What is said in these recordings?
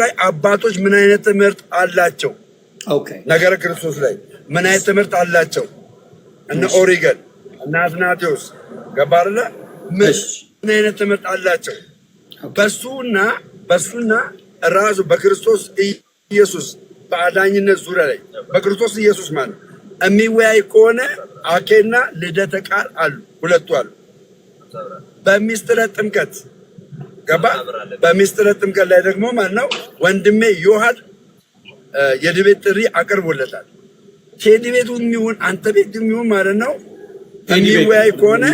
ላይ አባቶች ምን አይነት ትምህርት አላቸው? ነገረ ክርስቶስ ላይ ምን አይነት ትምህርት አላቸው? እነ ኦሪገን እነ አትናቴዎስ ገባርለ ምን አይነት ትምህርት አላቸው? በሱና በሱና ራሱ በክርስቶስ ኢየሱስ በአዳኝነት ዙሪያ ላይ በክርስቶስ ኢየሱስ ማለት የሚወያይ ከሆነ አኬና ልደተ ቃል አሉ፣ ሁለቱ አሉ። በሚስጥረ ጥምቀት ገባ። በምስጢረ ጥምቀት ላይ ደግሞ ማን ነው ወንድሜ ዮሐን የድቤት ጥሪ አቅርቦለታል። ቴዲ ቤቱ የሚሆን አንተ ቤት የሚሆን ማለት ነው። የሚወያይ ከሆነ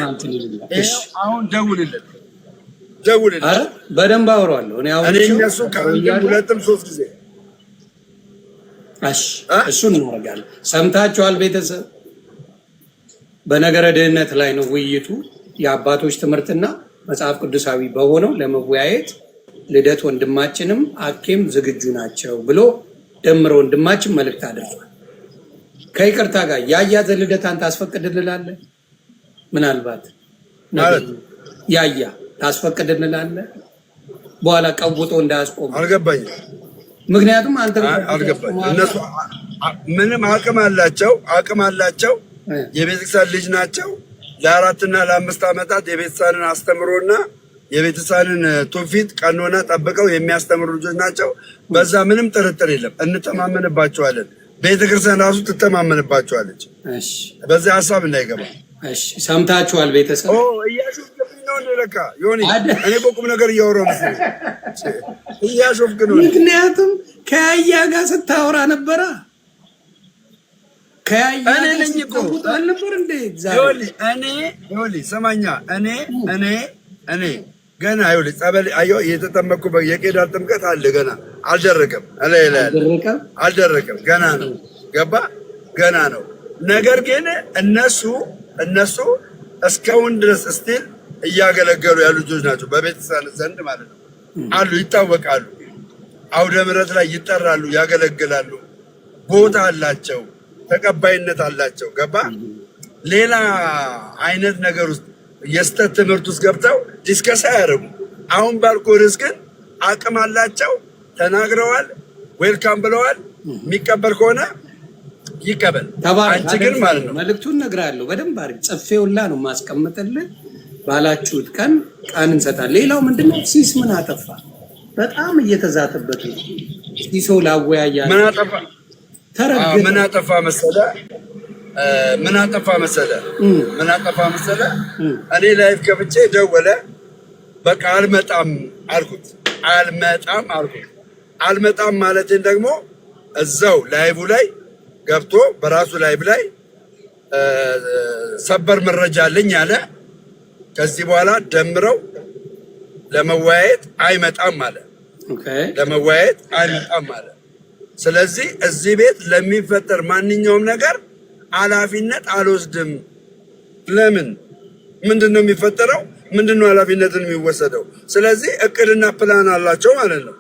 አሁን ደውልለት፣ ደውልለት በደንብ አወራዋለሁ። እኔ እነሱ ሁለትም ሶስት ጊዜ እሱን እናደርጋለን። ሰምታችኋል ቤተሰብ። በነገረ ድህነት ላይ ነው ውይይቱ የአባቶች ትምህርትና መጽሐፍ ቅዱሳዊ በሆነው ለመወያየት ልደት ወንድማችንም አኬም ዝግጁ ናቸው ብሎ ደምረ ወንድማችን መልእክት አድርሷል። ከይቅርታ ጋር ልደት አንተ ታስፈቅድልላለህ? ምናልባት ያያ ታስፈቅድልላለህ? በኋላ ቀውጦ እንዳያስቆም አልገባኝም። ምክንያቱም አንተ እነሱ ምንም አቅም አላቸው አቅም አላቸው የቤተክርስቲያን ልጅ ናቸው ለአራትና ለአምስት ዓመታት የቤተሳንን ህፃንን አስተምሮና የቤተሳንን ህፃንን ትውፊት ቀኖና ጠብቀው የሚያስተምሩ ልጆች ናቸው። በዛ ምንም ጥርጥር የለም፣ እንተማመንባቸዋለን። ቤተክርስቲያን ራሱ ትተማመንባቸዋለች። በዚህ ሀሳብ እንዳይገባ ሰምታችኋል። ቤተሰብ እኔ በቁም ነገር እያወራሁ እያሾፍክ ነው። ምክንያቱም ከያ ጋር ስታወራ ነበራ ስማኛ እኔ እኔ እኔ ገና ይኸውልህ ጸበል የተጠመኩ የቄዳር ጥምቀት አለ ገና አልደረቀም አልደረቀም ገና ነው ገባ ገና ነው ነገር ግን እነሱ እነሱ እስካሁን ድረስ እስቲል እያገለገሉ ያሉ ልጆች ናቸው በቤተሰብ ዘንድ ማለት ነው አሉ ይታወቃሉ አውደ ምሕረት ላይ ይጠራሉ ያገለግላሉ ቦታ አላቸው ተቀባይነት አላቸው። ገባ ሌላ አይነት ነገር ውስጥ የስተት ትምህርት ውስጥ ገብተው ዲስከስ አያደርጉ። አሁን ባልኮ ርዕስ ግን አቅም አላቸው፣ ተናግረዋል፣ ዌልካም ብለዋል። የሚቀበል ከሆነ ይቀበል። አንቺ ግን ማለት ነው መልዕክቱን እነግርሃለሁ በደንብ አድርግ። ጽፌውላ ነው የማስቀምጥልህ። ባላችሁት ቀን ቃል እንሰጣለን። ሌላው ምንድነው ሲስ ምን አጠፋ? በጣም እየተዛተበት ነው ሲሶ ላወያያ ምን አጠፋ ምን አጠፋ መሰለ ምን አጠፋ መሰለ ምን አጠፋ መሰለ እኔ ላይፍ ከብቼ ደወለ። በቃ አልመጣም አልኩት አልመጣም አልኩት። አልመጣም ማለትን ደግሞ እዛው ላይቡ ላይ ገብቶ በራሱ ላይብ ላይ ሰበር መረጃ አለኝ አለ። ከዚህ በኋላ ደምረው ለመወያየት አይመጣም አለ። ለመወያየት አይመጣም አለ። ስለዚህ እዚህ ቤት ለሚፈጠር ማንኛውም ነገር ኃላፊነት አልወስድም። ለምን? ምንድን ነው የሚፈጠረው? ምንድን ነው ኃላፊነትን የሚወሰደው? ስለዚህ እቅድና ፕላን አላቸው ማለት ነው።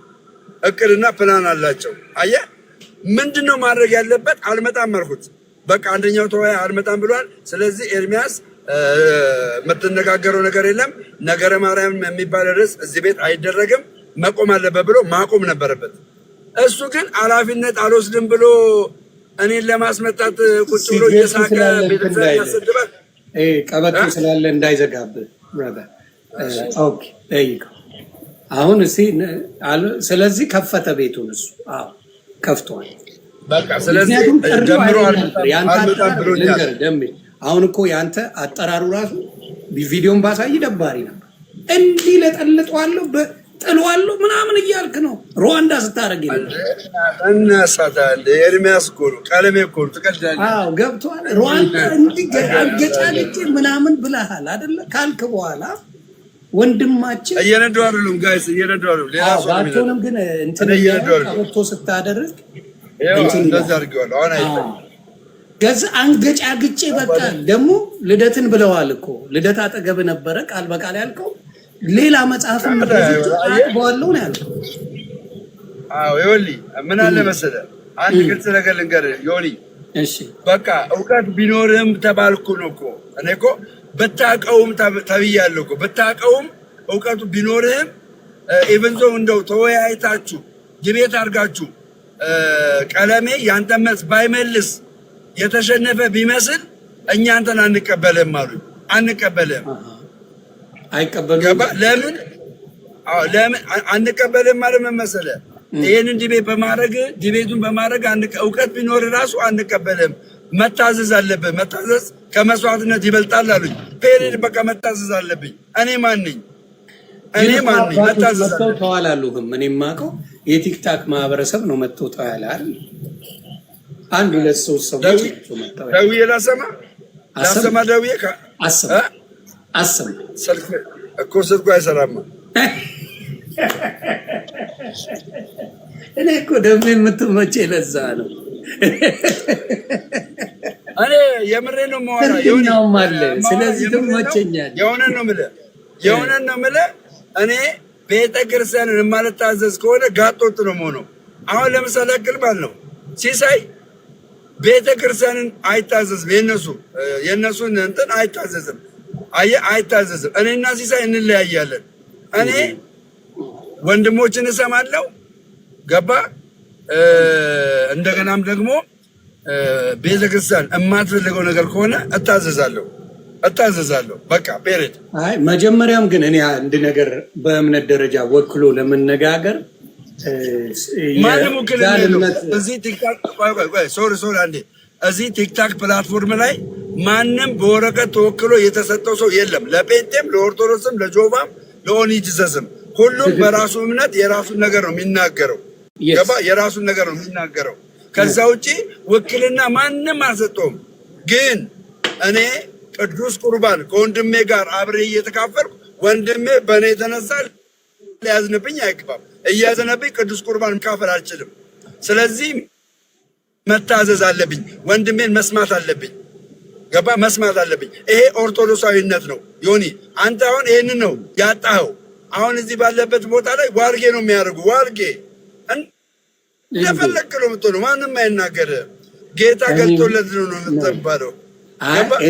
እቅድና ፕላን አላቸው። አየ ምንድን ነው ማድረግ ያለበት? አልመጣም አልኩት። በቃ አንደኛው ተወያይ አልመጣም ብሏል። ስለዚህ ኤርሚያስ የምትነጋገረው ነገር የለም። ነገረ ማርያም የሚባል ርዕስ እዚህ ቤት አይደረግም፣ መቆም አለበት ብሎ ማቆም ነበረበት። እሱ ግን ኃላፊነት አልወስድም ብሎ እኔን ለማስመጣት ቁጭ ብሎ እየሳቀ ቀበቶ ስላለ እንዳይዘጋብህ። አሁን ስለዚህ ከፈተ ቤቱን እሱ ከፍቷል። አሁን እኮ ያንተ አጠራሩ ራሱ ቪዲዮን ባሳይ ደባሪ ነበር። እንዲህ ለጠልጠዋለሁ ጥሏሉ ምናምን እያልክ ነው። ሩዋንዳ ስታደርግ እናሳታል። ኤርሚያስ እኮ ነው ቀለሜ እኮ ነው ትቀዳለህ። ገብቶሃል። ሩዋንዳ ገጫልጭ ምናምን ብለሃል አይደለ? ካልክ በኋላ ወንድማችን እየነዱ አይደሉም ጋይስ፣ እየነዱ አይደሉም። ሌላ ሰው ባትሆንም ግን እንትን ወጥቶ ስታደርግ እንደዚህ አድርጌዋለሁ። አሁን አይፈኝም ገዛ አንገጫግጬ በቃ ደግሞ ልደትን ብለዋል እኮ ልደት አጠገብ ነበረ ቃል በቃል ያልከው ሌላ መጽሐፍም አቅበዋለሁ ነው ያለው። ዮኒ ምን አለ መሰለህ፣ አንድ ግልጽ ነገር ልንገርህ ዮኒ። በቃ እውቀት ቢኖርህም ተባልኩ ነው እኮ እኔ እኮ ብታውቀውም ተብያለሁ እኮ ብታውቀውም እውቀቱ ቢኖርህም ኢቨንዞ እንደው ተወያይታችሁ ግቤት አድርጋችሁ ቀለሜ ያንተ መልስ ባይመልስ የተሸነፈ ቢመስል እኛ አንተን አንቀበልህም አሉኝ። አንቀበልህም አይቀበሉም። ለምን ለምን አንቀበልም ማለት ምን መሰለህ? ይህንን ዲቤት በማድረግ ዲቤቱን በማድረግ እውቀት ቢኖር ራሱ አንቀበልም። መታዘዝ አለብን። መታዘዝ ከመስዋዕትነት ይበልጣል አሉኝ። ፔሬድ በቃ መታዘዝ አለብኝ። እኔ ማን ነኝ? እኔ ማን ነኝ? መታዘዝ ተዋል አሉህም። እኔ የማውቀው የቲክታክ ማህበረሰብ ነው መጥቶ ተዋል አንድ ሁለት ሰው ሰው ደውዬ ላሰማ ላሰማ ደውዬ አሰማ አስብ ስልክ እኮ ስልኩ አይሰራማ። እኔ እኮ ደግሞ የምትመቼ ለዛ ነው። እኔ የምሬ ነው መዋራ የሆነውም አለ። ስለዚህ ትመቸኛል። ነው ነው እኔ ቤተ ክርስቲያንን የማልታዘዝ ከሆነ ጋጦጥ ነው የምሆነው። አሁን ለምሳሌ ያክል ነው ሲሳይ ቤተ ክርስቲያንን አይታዘዝም። የነሱ የእነሱን እንትን አይታዘዝም አይታዘዝም። እኔና ሲሳይ እንለያያለን። እኔ ወንድሞችን እሰማለሁ ገባ። እንደገናም ደግሞ ቤተክርስቲያን የማትፈልገው ነገር ከሆነ እታዘዛለሁ እታዘዛለሁ በቃ ፔሬድ። አይ መጀመሪያም ግን እኔ አንድ ነገር በእምነት ደረጃ ወክሎ ለመነጋገር ማንም ውክልና እዚህ ቲክታክ ሶሪ ሶሪ አንዴ እዚህ ቲክታክ ፕላትፎርም ላይ ማንም በወረቀት ተወክሎ የተሰጠው ሰው የለም። ለጴንጤም፣ ለኦርቶዶክስም፣ ለጆባም፣ ለኦኒጅዘስም ሁሉም በራሱ እምነት የራሱን ነገር ነው የሚናገረው። ገባ? የራሱን ነገር ነው የሚናገረው። ከዛ ውጭ ውክልና ማንም አልሰጠውም። ግን እኔ ቅዱስ ቁርባን ከወንድሜ ጋር አብሬ እየተካፈልኩ ወንድሜ በእኔ የተነሳ ሊያዝንብኝ አይግባም። እያዘነብኝ ቅዱስ ቁርባን መካፈል አልችልም። ስለዚህ መታዘዝ አለብኝ። ወንድሜን መስማት አለብኝ። ገባ መስማት አለብኝ። ይሄ ኦርቶዶክሳዊነት ነው። ዮኒ አንተ አሁን ይህን ነው ያጣኸው። አሁን እዚህ ባለበት ቦታ ላይ ዋርጌ ነው የሚያደርጉ ዋርጌ እንደፈለክ ነው የምትሆነው። ማንም አይናገር። ጌታ ገልጦለት ነው የምትባለው።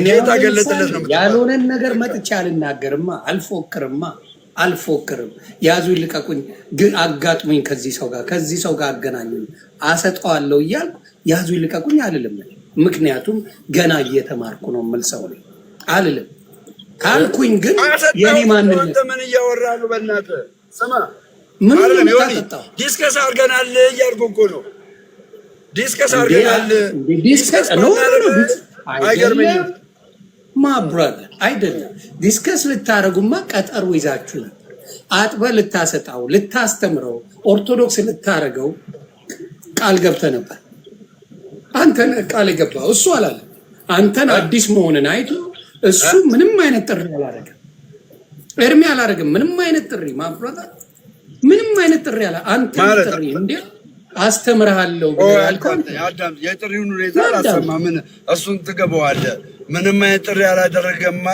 ጌታ ገለጠለት ነው ያልሆነን ነገር መጥቼ አልናገርማ፣ አልፎክርማ አልፎክርም ያዙ ይልቀቁኝ፣ ግን አጋጥሙኝ፣ ከዚህ ሰው ጋር ከዚህ ሰው ጋር አገናኙ አሰጠዋለሁ እያልኩ ያዙ ይልቀቁኝ አልልም። ምክንያቱም ገና እየተማርኩ ነው የምል ሰው ነኝ አልልም። ካልኩኝ ግን የኔ ማንነት ምን እያወራ ነው? በእናትህ ስማ፣ ምን ዲስከስ አድርገናል እያልኩ እኮ ነው። ዲስከስ አድርገናል። ዲስከስ አይገርምኝም። ማብራር አይደለም። ዲስከስ ልታደርጉማ ቀጠሮ ይዛችሁ ነው አጥበ ልታሰጣው፣ ልታስተምረው፣ ኦርቶዶክስ ልታደረገው ቃል ገብተ ነበር። አንተን ቃል ገብቷ እሱ አላለ አንተን አዲስ መሆንን አይቶ እሱ ምንም አይነት ጥሪ አላደረገም። እርሜ አላደረግም። ምንም አይነት ጥሪ ማፍረታ ምንም አይነት ጥሪ አለ አንተ ጥሪ እንዲ አስተምርሃለሁ አዳም የጥሪውን ሁኔታ አላሰማ ምን እሱን ትገባዋለህ። ምንም አይነት ጥሪ አላደረገማ።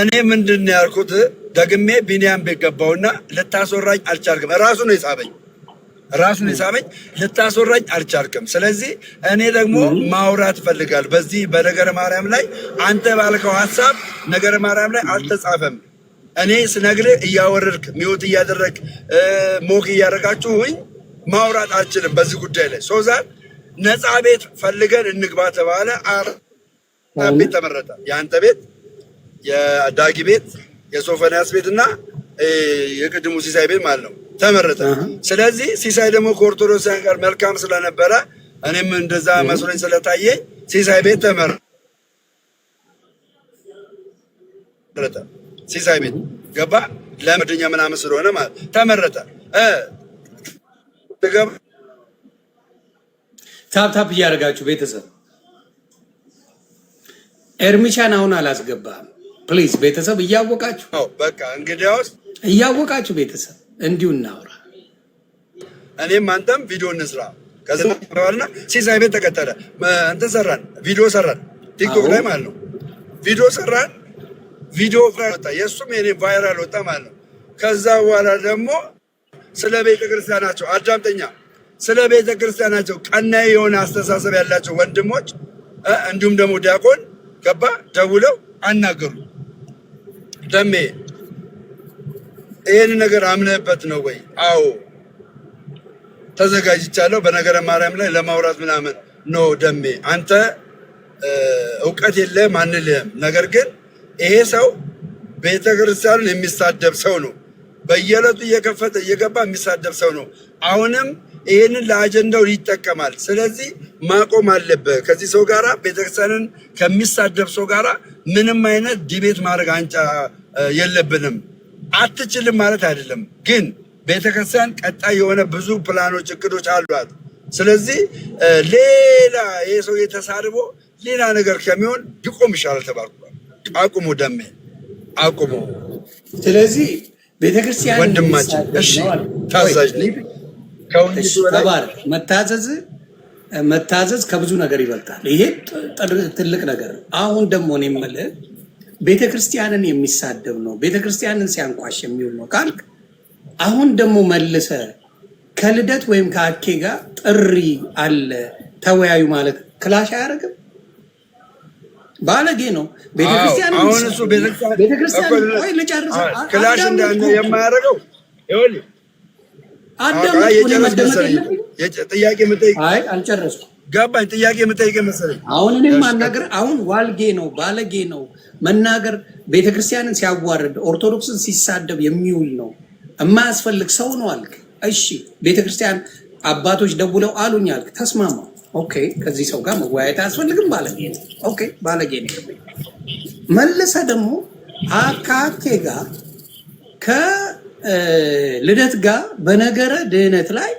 እኔ ምንድን ነው ያልኩት? ደግሜ ቢኒያም ቤት ገባውና ልታስወራኝ አልቻልክም። ራሱ ነው የጻበኝ ራሱን የሳበኝ ልታስወራኝ አልቻልክም። ስለዚህ እኔ ደግሞ ማውራት ፈልጋል። በዚህ በነገረ ማርያም ላይ አንተ ባልከው ሀሳብ ነገረ ማርያም ላይ አልተጻፈም። እኔ ስነግርህ እያወረድክ ሚወት እያደረግ ሞክ እያደረጋችሁኝ ማውራት አልችልም በዚህ ጉዳይ ላይ ሶዛን ነፃ ቤት ፈልገን እንግባ ተባለ። ቤት ተመረጠ። የአንተ ቤት፣ የዳጊ ቤት፣ የሶፈንያስ ቤት እና የቅድሙ ሲሳይ ቤት ማለት ነው ተመረጠ። ስለዚህ ሲሳይ ደግሞ ከኦርቶዶክሳን ጋር መልካም ስለነበረ እኔም እንደዛ መስሎኝ ስለታየኝ ሲሳይ ቤት ተመረጠ። ሲሳይ ቤት ገባ ለምድኛ ምናምን ስለሆነ ማለት ተመረጠ። ታፕታፕ እያደረጋችሁ ቤተሰብ ኤርሚሻን አሁን አላስገባም። ፕሊዝ ቤተሰብ እያወቃችሁ በቃ እንግዲያውስ እያወቃችሁ ቤተሰብ እንዲሁ እናውራ። እኔም አንተም ቪዲዮ እንስራ። ከዘና ሲሳይ ቤት ተከተለ እንትን ሰራን፣ ቪዲዮ ሰራን፣ ቲክቶክ ላይ ማለት ነው። ቪዲዮ ሰራን፣ ቪዲዮ ወጣ፣ የእሱም የኔ ቫይራል ወጣ ማለት ነው። ከዛ በኋላ ደግሞ ስለ ቤተ ክርስቲያናቸው አዳምጠኛ፣ ስለ ቤተ ክርስቲያናቸው ቀናይ የሆነ አስተሳሰብ ያላቸው ወንድሞች እንዲሁም ደግሞ ዲያቆን ገባ ደውለው አናገሩ ደሜ ይህን ነገር አምነህበት ነው ወይ? አዎ ተዘጋጅቻለሁ፣ በነገረ ማርያም ላይ ለማውራት ምናምን ኖ ደሜ፣ አንተ እውቀት የለህም አንልህም። ነገር ግን ይሄ ሰው ቤተ ክርስቲያኑን የሚሳደብ ሰው ነው። በየዕለቱ እየከፈተ እየገባ የሚሳደብ ሰው ነው። አሁንም ይህንን ለአጀንዳው ይጠቀማል። ስለዚህ ማቆም አለብህ። ከዚህ ሰው ጋራ ቤተክርስቲያንን ከሚሳደብ ሰው ጋራ ምንም አይነት ዲቤት ማድረግ አንጫ የለብንም። አትችልም ማለት አይደለም፣ ግን ቤተክርስቲያን ቀጣይ የሆነ ብዙ ፕላኖች፣ እቅዶች አሏት። ስለዚህ ሌላ ይህ ሰው የተሳርቦ ሌላ ነገር ከሚሆን ቢቆም ይሻላል ተባልኩ። አቁሙ ደሜ አቁሙ። ስለዚህ ቤተክርስቲያን ወንድማችን ታዛዥ መታዘዝ መታዘዝ ከብዙ ነገር ይበልጣል። ይሄ ትልቅ ነገር ነው። አሁን ደግሞ እኔ የምልህ ቤተ ክርስቲያንን የሚሳደብ ነው፣ ቤተ ክርስቲያንን ሲያንኳሽ የሚውል ነው ካልክ አሁን ደግሞ መልሰ ከልደት ወይም ከአኬ ጋር ጥሪ አለ ተወያዩ ማለት ክላሽ አያደርግም። ባለጌ ነው። ቤተክርስቲያን ክላሽ ጥያቄ አልጨረስኩም። ገባኝ። ጥያቄ የምጠይቅ መሰለኝ። አሁን እኔ ማናገር አሁን ዋልጌ ነው ባለጌ ነው መናገር ቤተክርስቲያንን ሲያዋርድ ኦርቶዶክስን ሲሳደብ የሚውል ነው የማያስፈልግ ሰው ነው አልክ። እሺ ቤተክርስቲያን አባቶች ደውለው አሉኝ አልክ። ተስማማ። ኦኬ ከዚህ ሰው ጋር መወያየት አያስፈልግም ባለጌ ነው። ኦኬ ባለጌ ነው። መለሰ ደግሞ አካቴ ጋር ከልደት ጋር በነገረ ድህነት ላይ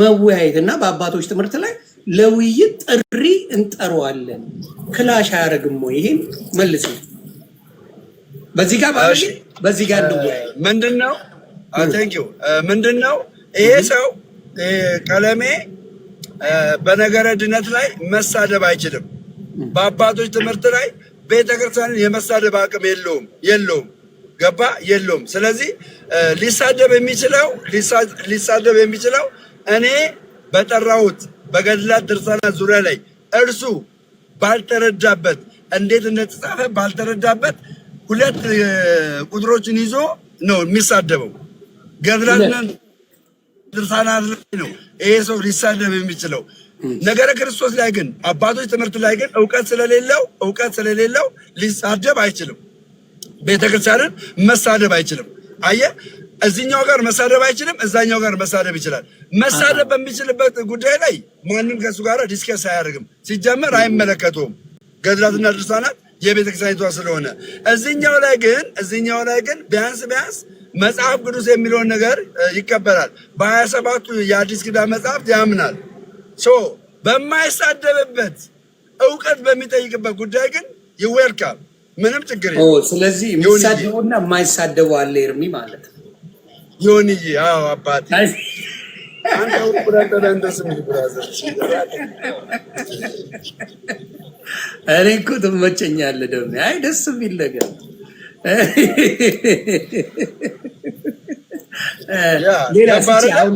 መወያየት እና በአባቶች ትምህርት ላይ ለውይይት ጥሪ እንጠራዋለን። ክላሽ አያደርግም ወይ? ይሄን መልሱ። በዚህ ጋር ባሽ በዚህ ጋር ነው ምንድነው? ታንክ ዩ ምንድነው? ይሄ ሰው ቀለሜ በነገረ ድነት ላይ መሳደብ አይችልም። በአባቶች ትምህርት ላይ ቤተክርስቲያንን የመሳደብ አቅም የለውም የለውም ገባ የለውም። ስለዚህ ሊሳደብ የሚችለው ሊሳደብ የሚችለው እኔ በጠራሁት በገድላት ድርሳናት ዙሪያ ላይ እርሱ ባልተረዳበት እንዴት እንደተጻፈ ባልተረዳበት ሁለት ቁጥሮችን ይዞ ነው የሚሳደበው። ገድላትና ድርሳናት ላይ ነው ይሄ ሰው ሊሳደብ የሚችለው። ነገረ ክርስቶስ ላይ ግን አባቶች ትምህርት ላይ ግን እውቀት ስለሌለው እውቀት ስለሌለው ሊሳደብ አይችልም። ቤተክርስቲያንን መሳደብ አይችልም። አየህ እዚህኛው ጋር መሳደብ አይችልም፣ እዛኛው ጋር መሳደብ ይችላል። መሳደብ በሚችልበት ጉዳይ ላይ ማንም ከእሱ ጋር ዲስከስ አያደርግም። ሲጀመር አይመለከቱም ገድላትና ድርሳናት የቤተክርስቲያኒቷ ስለሆነ እዚኛው ላይ ግን እዚኛው ላይ ግን ቢያንስ ቢያንስ መጽሐፍ ቅዱስ የሚለውን ነገር ይቀበላል። በሀያ ሰባቱ የአዲስ ኪዳን መጽሐፍት ያምናል። በማይሳደብበት እውቀት በሚጠይቅበት ጉዳይ ግን ይዌልካም ምንም ችግር ስለዚህ የሚሳደቡና የማይሳደቡ አለ ኤርሚ ማለት ዮኒዬ አዎ፣ አባቴ አንተው ብራዘር እንደስ ብራዘር እኔ እኮ ትመቸኛለህ። ደግሞ አይ ደስ የሚል ነገር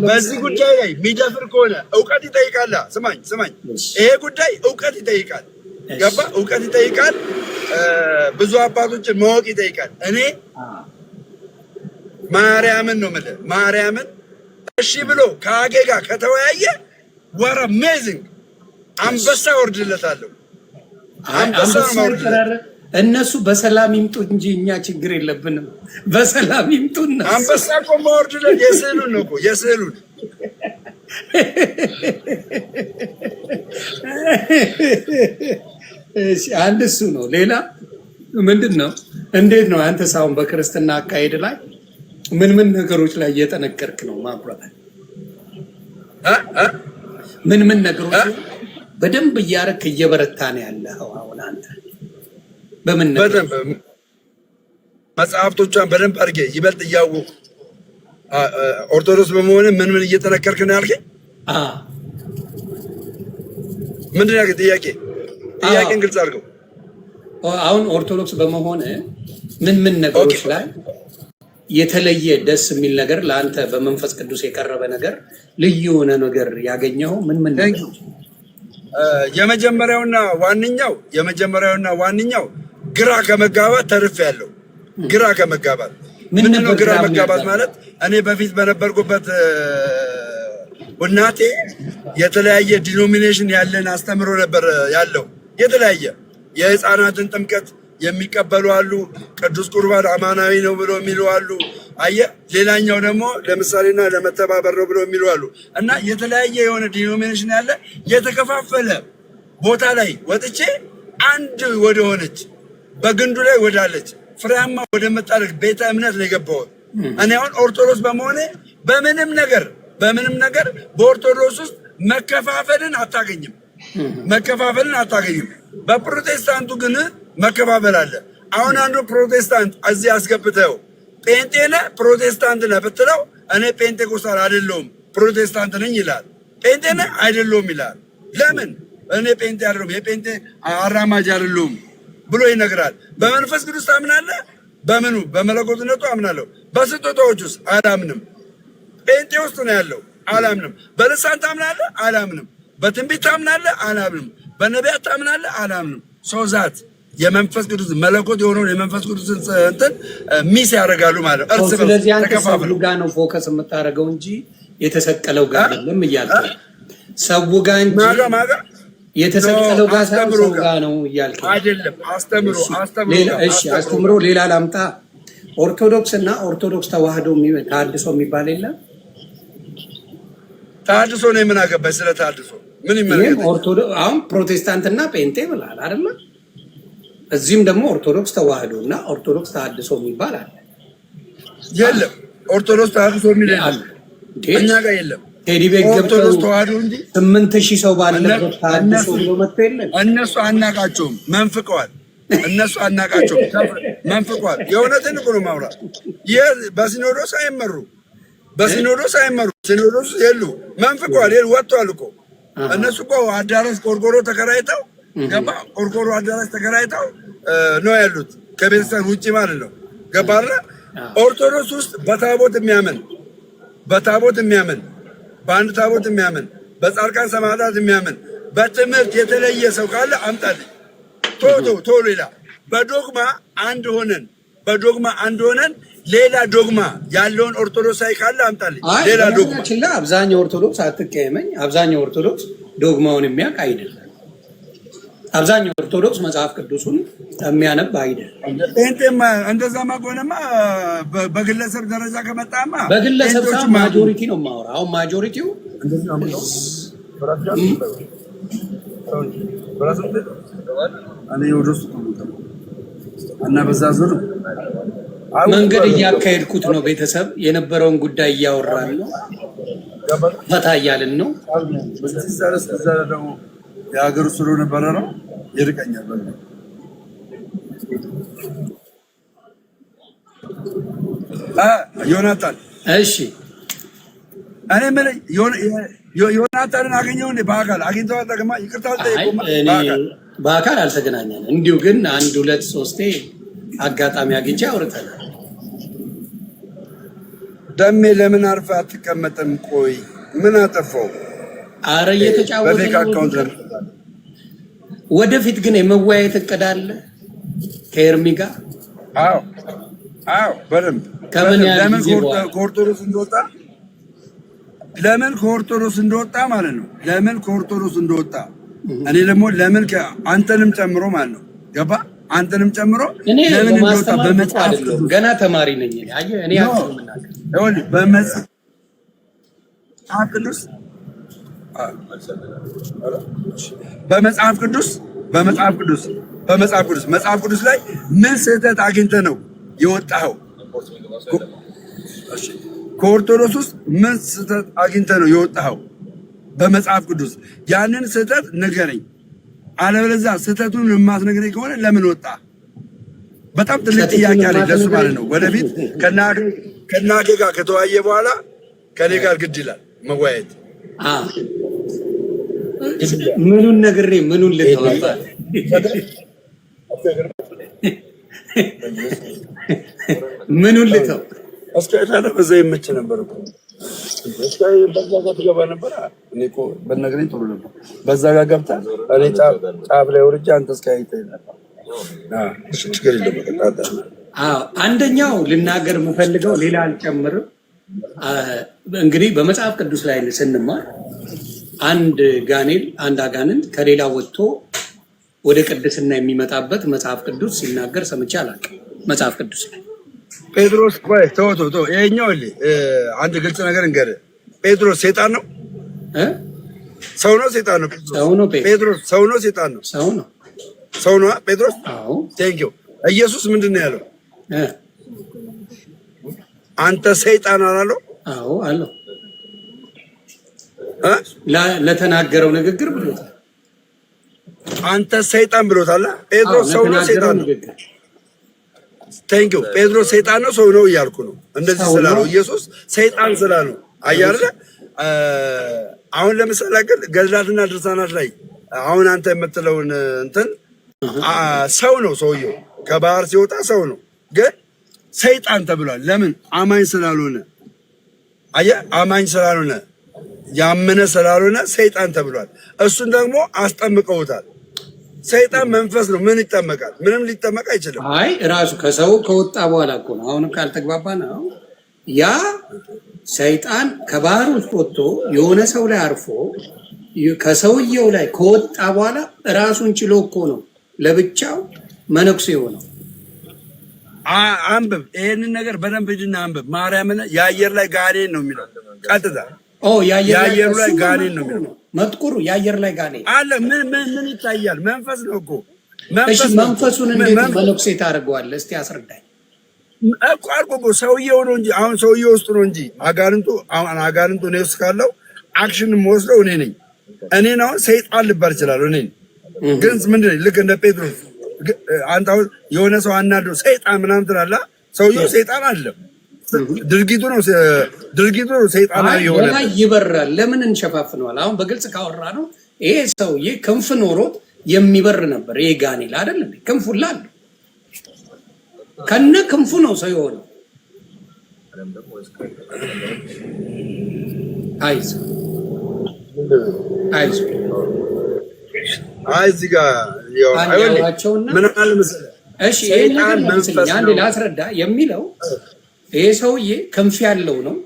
በዚህ ጉዳይ ላይ የሚደፍር ከሆነ እውቀት ይጠይቃል። ስማኝ ስማኝ፣ ይሄ ጉዳይ እውቀት ይጠይቃል። ገባ? እውቀት ይጠይቃል። ብዙ አባቶችን ማወቅ ይጠይቃል። እኔ ማርያምን ነው የምልህ ማርያምን። እሺ ብሎ ከአጌ ጋር ከተወያየ ወር አሜዚንግ አንበሳ ወርድለታለሁ። አንበሳ እነሱ በሰላም ይምጡ እንጂ እኛ ችግር የለብንም። በሰላም ይምጡ። አንበሳ እኮ ማወርድለት የስዕሉን ነው እኮ የስዕሉን አንድ እሱ ነው። ሌላ ምንድን ነው? እንዴት ነው አንተ ሳሁን በክርስትና አካሄድ ላይ ምን ምን ነገሮች ላይ እየጠነቀርክ ነው? ማብራት ምን ምን ነገሮች በደንብ እያረክ እየበረታ ነው ያለኸው? አሁን አንተ በምን በደንብ መጽሐፍቶቿን በደንብ አድርጌ ይበልጥ እያወቁ ኦርቶዶክስ በመሆን ምን ምን እየጠነከርክ ነው ያልከኝ? ምንድን ያልከኝ ጥያቄ ጥያቄን ግልጽ አድርገው። አሁን ኦርቶዶክስ በመሆን ምን ምን ነገሮች ላይ የተለየ ደስ የሚል ነገር ለአንተ በመንፈስ ቅዱስ የቀረበ ነገር ልዩ የሆነ ነገር ያገኘው ምን ምን? የመጀመሪያውና ዋነኛው የመጀመሪያውና ዋነኛው ግራ ከመጋባት ተርፍ ያለው ግራ ከመጋባት ምንድን ነው? ግራ መጋባት ማለት እኔ በፊት በነበርኩበት እናቴ የተለያየ ዲኖሚኔሽን ያለን አስተምሮ ነበር ያለው የተለያየ የህፃናትን ጥምቀት የሚቀበሉ አሉ። ቅዱስ ቁርባን አማናዊ ነው ብሎ የሚሉ አሉ። አየ ሌላኛው ደግሞ ለምሳሌና ለመተባበር ነው ብሎ የሚሉ አሉ። እና የተለያየ የሆነ ዲኖሚኔሽን ያለ የተከፋፈለ ቦታ ላይ ወጥቼ አንድ ወደሆነች በግንዱ ላይ ወዳለች ፍሬያማ ወደ መጣለች ቤተ እምነት ነው የገባሁት። እኔ አሁን ኦርቶዶክስ በመሆኔ በምንም ነገር በምንም ነገር በኦርቶዶክስ ውስጥ መከፋፈልን አታገኝም፣ መከፋፈልን አታገኝም። በፕሮቴስታንቱ ግን መከባበል አለ። አሁን አንዱ ፕሮቴስታንት እዚህ አስገብተው ጴንጤ ነህ ፕሮቴስታንት ነህ ብትለው እኔ ጴንጤኮስታል አይደለሁም ፕሮቴስታንት ነኝ ይላል። ጴንጤ ነህ አይደለሁም ይላል። ለምን እኔ ጴንጤ አይደለሁም የጴንጤ አራማጅ አይደለሁም ብሎ ይነግራል። በመንፈስ ቅዱስ ታምናለህ? በምኑ በመለኮትነቱ አምናለሁ። በስጦታዎች ውስጥ አላምንም። ጴንጤ ውስጥ ነው ያለው አላምንም። በልሳን ታምናለህ? አላምንም። በትንቢት ታምናለህ? አላምንም። በነቢያት ታምናለህ? አላምንም። ሶዛት የመንፈስ ቅዱስ መለኮት የሆነውን የመንፈስ ቅዱስን እንትን ሚስ ያደርጋሉ ማለት ነው። እርስ ስለዚህ አንተ ሰው ጋ ነው ፎከስ የምታደርገው እንጂ የተሰቀለው ጋ አይደለም እያልከው ሰው ጋ እንጂ የተሰቀለው ጋ ሳይሆን ሰው ጋ ነው እያልከው አይደለም። አስተምሮ አስተምሮ ሌላ ላምጣ። ኦርቶዶክስ እና ኦርቶዶክስ ተዋህዶ ታድሶ የሚባል የለም። ታድሶ ነው የምን ስለ ታድሶ ምን ይመለከታል? አሁን ፕሮቴስታንትና ፔንቴ ብላል አይደለም እዚህም ደግሞ ኦርቶዶክስ ተዋህዶ እና ኦርቶዶክስ ተሐድሶ የሚባል አለ። የለም ኦርቶዶክስ ተሐድሶ የሚል አለ እኛ ጋር የለም። ቴዲ ቤት ገብተው ስምንት ሺህ ሰው ባለበት ተሐድሶ ብሎ መጥቶ የለም። እነሱ አናቃቸውም፣ መንፍቀዋል። እነሱ አናቃቸውም፣ መንፍቀዋል። የእውነትን እኮ ነው ማውራት። በሲኖዶስ አይመሩ፣ በሲኖዶስ አይመሩ፣ ሲኖዶስ የሉ፣ መንፍቀዋል፣ ወጥቷል እኮ እነሱ እኮ አዳራሽ ቆርቆሮ ተከራይተው ገባ ቆርቆሮ አዳራሽ ተከራይተው ነው ያሉት ከቤተሰብ ውጭ ማለት ነው። ገባ ኦርቶዶክስ ውስጥ በታቦት የሚያምን በታቦት የሚያምን በአንድ ታቦት የሚያምን በጻድቃን ሰማዕታት የሚያምን በትምህርት የተለየ ሰው ካለ አምጣልኝ ቶሎ ቶሎ ይላል። በዶግማ አንድ ሆነን በዶግማ አንድ ሆነን ሌላ ዶግማ ያለውን ኦርቶዶክሳዊ ካለ አምጣልኝ። ሌላ ዶግማ አብዛኛው ኦርቶዶክስ አትቀየመኝ፣ አብዛኛው ኦርቶዶክስ ዶግማውን የሚያውቅ አይደለም። አብዛኛው ኦርቶዶክስ መጽሐፍ ቅዱሱን የሚያነብ አይደል። እንደዛማ ከሆነማ በግለሰብ ደረጃ ከመጣማ በግለሰብ ማጆሪቲ ነው የማወራው። አሁን ማጆሪቲው እና በዛ ዙር መንገድ እያካሄድኩት ነው። ቤተሰብ የነበረውን ጉዳይ እያወራን ነው፣ ፈታ እያልን ነው። የሀገር ስለሆነ ይርቀኛል በሉ ዮናታን። እሺ እኔ ምን ዮናታንን አገኘው እንዴ? በአካል አግኝተው አልጠቅማ ይቅርታ በአካል አልተገናኘን፣ እንዲሁ ግን አንድ ሁለት ሶስቴ አጋጣሚ አግኝቼ አውርተናል። ደሜ ለምን አርፈህ አትቀመጥም? ቆይ ምን አጠፋው? አረ እየተጫወተ ወደፊት ግን የመወያየት እቅድ አለ ከኤርሚ ጋር? አዎ አዎ፣ በደንብ ከምን ለምን ከኦርቶዶክስ እንደወጣ ለምን ከኦርቶዶክስ እንደወጣ ማለት ነው። ለምን ከኦርቶዶክስ እንደወጣ እኔ ደግሞ ለምን አንተንም ጨምሮ ማለት ነው። ገባ አንተንም ጨምሮ ለምን እንደወጣ በመጽሐፍ ገና ተማሪ ነኝ እኔ አየ እኔ በመጽሐፍ ቅዱስ በመጽሐፍ ቅዱስ በመጽሐፍ ቅዱስ በመጽሐፍ ቅዱስ መጽሐፍ ቅዱስ ላይ ምን ስህተት አግኝተ ነው የወጣኸው? ከኦርቶዶክስ ውስጥ ምን ስህተት አግኝተ ነው የወጣኸው? በመጽሐፍ ቅዱስ ያንን ስህተት ንገረኝ። አለበለዚያ ስህተቱን የማትነግረኝ ከሆነ ለምን ወጣ? በጣም ትልቅ ጥያቄ አለኝ ለሱ ማለት ነው። ወደፊት ከናኬ ጋር ከተወያየ በኋላ ከኔ ጋር ግድ ይላል መወያየት ምኑን ነግሬ ምኑን ምኑን ልተው? እስከ በዛ የምች ነበር እኮ በዛ ጋ ትገባ ነበር። እኔ እኮ በነገረኝ ጥሩ ነበር። በዛ ገብታ እኔ ጫፍ ላይ ወርጄ አንተ እስከ አይተህ ነበር። ችግር የለም። አንደኛው ልናገር የምፈልገው ሌላ አልጨምርም። እንግዲህ በመጽሐፍ ቅዱስ ላይ ስንማር አንድ ጋኔል አንድ አጋንንት ከሌላ ወጥቶ ወደ ቅድስና የሚመጣበት መጽሐፍ ቅዱስ ሲናገር ሰምቼ አላውቅም። መጽሐፍ ቅዱስ ላይ ጴጥሮስ ቆይ ተው ይሄኛው ል አንድ ግልጽ ነገር እንገር ጴጥሮስ ሴጣን ነው ሰው ነው? ሴጣን ነው? ጴጥሮስ ሰው ነው? ሴጣን ነው? ሰው ነው። ሰው ነው ጴጥሮስ። ቴንኪው። ኢየሱስ ምንድን ነው ያለው? አንተ ሰይጣን አላለው? አዎ አለው። ለተናገረው ንግግር ብሎታል። አንተ ሰይጣን ብሎታል። ጴጥሮስ ሰው ነው ሰይጣን ነው? ቴንኪው ጴጥሮስ ሰይጣን ነው ሰው ነው እያልኩ ነው። እንደዚህ ስላለው ኢየሱስ ሰይጣን ስላለው አያለ አሁን ለምሳሌ ግን ገድላትና ድርሳናት ላይ አሁን አንተ የምትለውን እንትን ሰው ነው ሰውየው፣ ከባህር ሲወጣ ሰው ነው ግን ሰይጣን ተብሏል። ለምን አማኝ ስላልሆነ አየህ፣ አማኝ ስላልሆነ ያመነ ስላልሆነ ሰይጣን ተብሏል። እሱን ደግሞ አስጠምቀውታል። ሰይጣን መንፈስ ነው። ምን ይጠመቃል? ምንም ሊጠመቅ አይችልም። አይ ራሱ ከሰው ከወጣ በኋላ እኮ ነው። አሁንም ካልተግባባ ነው ያ ሰይጣን ከባህር ውስጥ ወጥቶ የሆነ ሰው ላይ አርፎ ከሰውየው ላይ ከወጣ በኋላ ራሱን ችሎ እኮ ነው ለብቻው መነኩሴ የሆነው። አንብብ፣ ይህንን ነገር በደንብ እጅና አንብብ። ማርያምን የአየር ላይ ጋኔን ነው የሚለው ቀጥታ የአየሩ ላይ ጋኔን ነው የሚለው መጥቁሩ የአየር ላይ ጋኔን አለ። ምን ምን ምን ይታያል? መንፈስ ነው እኮ መንፈሱን እንዴት መነኩሴ ታደርገዋለህ? እስቲ አስረዳኝ እኮ አልኩ እኮ ሰውየው ነው እንጂ አሁን ሰውየው ውስጥ ነው እንጂ አጋንንቱ አሁን አጋንንቱ እኔ ውስጥ ካለው አክሽን የምወስደው እኔ ነኝ። እኔን አሁን ሰይጣን ልባል እችላለሁ። እኔን ግን ምንድን ልክ እንደ ጴጥሮስ አንተ አሁን የሆነ ሰው አናዶ ሰይጣን ምናምን ትላለህ። ሰውየው ሰይጣን አለም ድርጊቱ ነው ድርጊቱ ነው ሰይጣን የሆነ ይበራል። ለምን እንሸፋፍነዋል? አሁን በግልጽ ካወራ ነው ይሄ ሰውዬ ክንፍ ኖሮት የሚበር ነበር። ይሄ ጋኔል አይደለም ክንፉ ላል ከነ ክንፉ ነው ሰው የሆነ አይዞህ አይዞህ አይ እዚህ ጋር ላስረዳ የሚለው ይህ ሰውዬ ክንፍ ያለው ነው።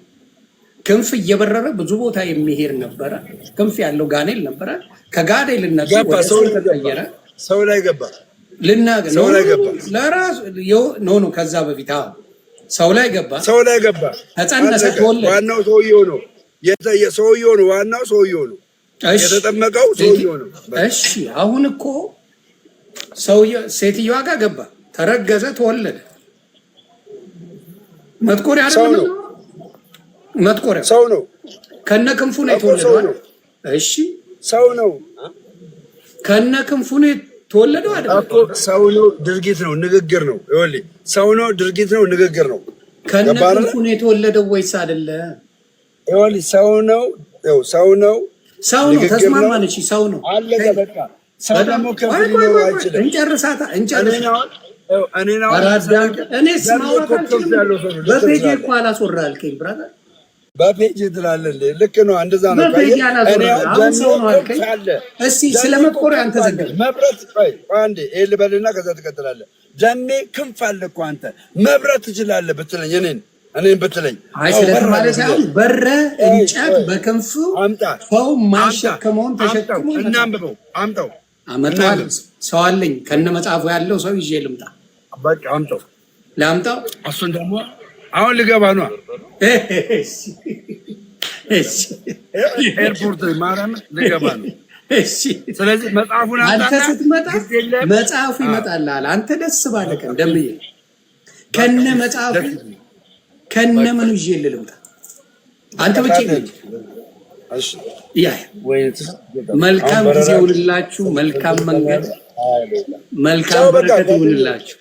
ክንፍ እየበረረ ብዙ ቦታ የሚሄድ ነበረ። ክንፍ ያለው ጋኔል ነበረ። ከጋኔል ተቀየረ። ሰው ላይ ገባ። ልናገር ከዛ በፊት ሰው ላይ ገባ። ሰው ላይ ገባ። ተጸነሰ፣ ተወለደ። ዋናው ሰውየው ነው። ሰውየው ነው። ዋናው ሰውየው ነው። የተጠመቀው ሰውየው ነው። እሺ አሁን እኮ ሰው ሴትዮዋ ጋር ገባ፣ ተረገዘ፣ ተወለደ። መጥቆሪያ ሰው ነው መጥቆሪያ ሰው ነው። ከነ ክንፉ ነው የተወለደው። እሺ ሰው ነው። ከነ ክንፉ ነው የተወለደው አይደል? ሰው ነው። ድርጊት ነው ንግግር ነው። ይኸውልህ ሰው ነው፣ ድርጊት ነው፣ ንግግር ነው። ከነ ክንፉ ነው የተወለደው ወይስ አይደለ? ይኸውልህ ሰው ነው። ሰው ነው። ሰው ነው። ተስማማን። እሺ ሰው ነው። አለቀ በቃ። ሰው ደግሞ በፔጅ ትላለህ እንደ ልክ ነው። እንደዛ ነው። እስኪ ስለ መጥቆሪያ አንተ ዘግተህ መብረት አንዴ ይሄን ልበልና ከዛ ትቀጥላለህ። ጀሜ ክንፍ አለ እኮ አንተ መብረት ትችላለህ ብትለኝ እኔን እኔን ብትለኝ አይ ስለ ሳይሆን በረ እንጨት በክንፉ ሰው ማሸከመውን ተሸክሞ እናንብበው አምጣው አመጣዋል። ሰው አለኝ ከነ መጽሐፉ ያለው ሰው ይዤ ልምጣ። በቃ አምጣው፣ ላምጣው። እሱን ደግሞ አሁን ልገባ ነው። ኤርፖርት ማረም ልገባ ነው። ስለዚህ መጽሐፉን አንተ ስትመጣ መጽሐፉ ይመጣልሃል። አንተ ደስ ባለ ቀን ደምዬ ከነ መጽሐፉ ከነ ምኑ ይዤ ልምጣ። አንተ ብቻ መልካም ጊዜ ይሁንላችሁ። መልካም መንገድ፣ መልካም በረከት ይሁንላችሁ።